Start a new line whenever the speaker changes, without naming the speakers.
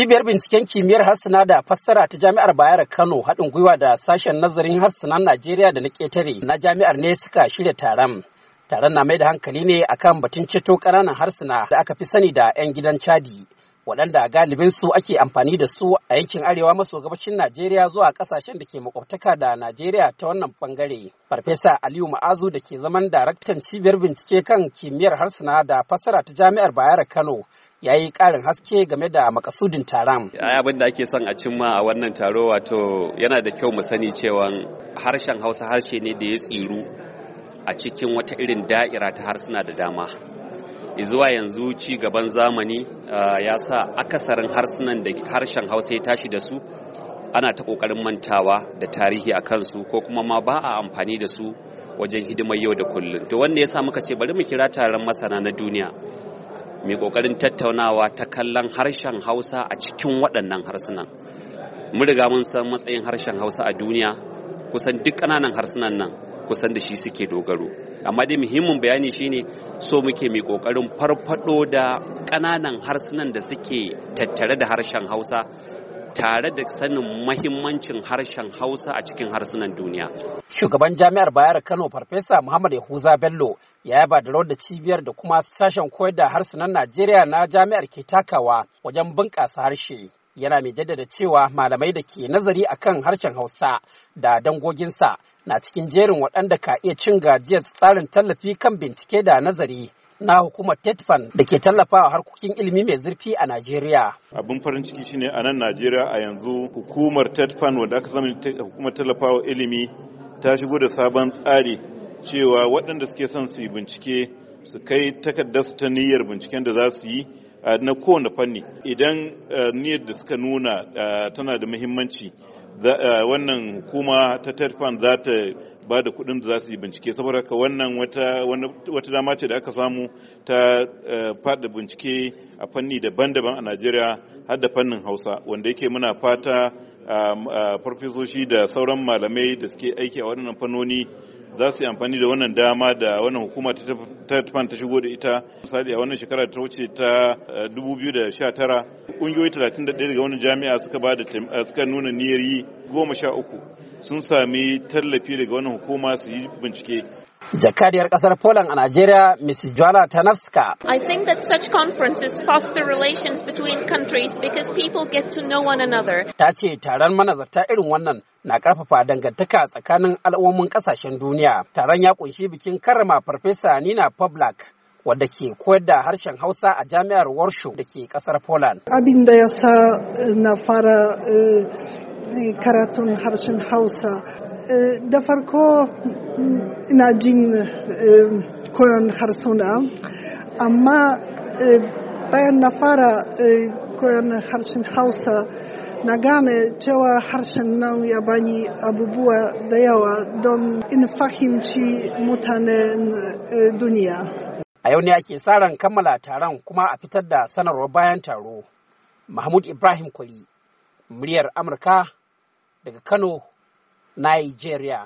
Cibiyar binciken kimiyyar harsuna da fassara ta Jami'ar bayar Kano haɗin gwiwa da sashen nazarin harsunan Najeriya da na ƙetare na jami'ar ne suka shirya taron. Taron na mai da hankali ne akan batun ceto ƙananan harsuna da aka fi sani da 'yan gidan Chadi. waɗanda galibin su ake amfani da su a yankin arewa maso gabashin Najeriya zuwa ƙasashen da ke makwabtaka da Najeriya ta wannan ɓangare. Farfesa Aliyu Ma'azu da ke zaman daraktan cibiyar bincike kan kimiyyar harsuna da fassara ta Jami'ar bayar Kano ya yi ƙarin haske game da makasudin taron.
abin da ake son a cimma a wannan taro wato yana da kyau mu sani cewa harshen hausa harshe ne da ya tsiru a cikin wata irin da'ira ta harsuna da dama zuwa yanzu ci gaban zamani ya sa akasarin harsunan da harshen hausa ya tashi da su ana ta ƙoƙarin mantawa da tarihi a kansu ko kuma ma ba a amfani da su wajen hidimar yau da kullum to wanda ya sa muka ce bari mu kira taron masana na duniya mai kokarin tattaunawa ta kallon harshen hausa a cikin waɗannan harsunan mun riga mun san matsayin harshen hausa a duniya kusan duk ƙananan harsunan nan kusan da shi suke dogaro amma dai muhimmin bayani shine so muke mai kokarin farfado da ƙananan harsunan da suke tattare da harshen hausa tare da sanin mahimmancin harshen Hausa a cikin harsunan duniya.
Shugaban Jami'ar Bayar Kano Farfesa Muhammad Yahuza Bello ya yaba da rawar da cibiyar da kuma sashen koyar da harsunan Najeriya na jami'ar ke takawa wajen bunƙasa harshe. Yana mai jaddada cewa malamai da ke nazari akan harshen Hausa da dangoginsa na cikin jerin waɗanda ka iya cin gajiyar tsarin tallafi kan bincike da nazari na hukumar tetfan da ke tallafawa harkokin ilimi mai zurfi a najeriya
abin farin ciki shine a nan najeriya a yanzu hukumar tetfan wanda aka zama hukumar tallafawa ilimi ta shigo da sabon tsari cewa waɗanda suke son su yi bincike su kai takardar su ta niyyar binciken da za su yi eh, na kowane fanni idan eh, niyyar da suka nuna eh, tana da muhimmanci wannan hukuma ta tarfan za ta ba da kudin da za su yi bincike saboda haka wannan wata dama ce da aka samu ta fada bincike a fanni daban-daban a najeriya har da fannin hausa wanda yake muna fata farfesoshi da sauran malamai da suke aiki a waɗannan fannoni za su yi amfani da wannan dama da wannan hukuma ta ta shigo da ita misali a wannan shekara ta wuce ta 2019 kungiyoyi 31 daga wani jami'a suka ba da eh, suka nuna niyyar yi goma sha uku sun sami tallafi daga wani hukuma su yi bincike
jakadiyar kasar Poland a Najeriya Mrs. Joanna Tanaska.
I think that such conferences foster relations between countries because people get to know one another.
Ta ce taron manazarta irin wannan na karfafa dangantaka tsakanin al'ummomin kasashen duniya. Taron ya kunshi bikin karrama Farfesa Nina Poblak wadda ke koyar da harshen Hausa a jami'ar Warsho da ke kasar Poland.
Abin da ya sa eh, na fara eh, karatun harshen Hausa eh, da farko mm, ina jin koyon harsuna amma bayan na fara koyon harshen Hausa na gane cewa harshen nan ya bani abubuwa da yawa don in fahimci mutanen duniya.
A yau ne ake tsarin kammala taron kuma a fitar da sanarwar bayan taro. Mahmud Ibrahim Kwali, muryar Amurka daga Kano, Nigeria.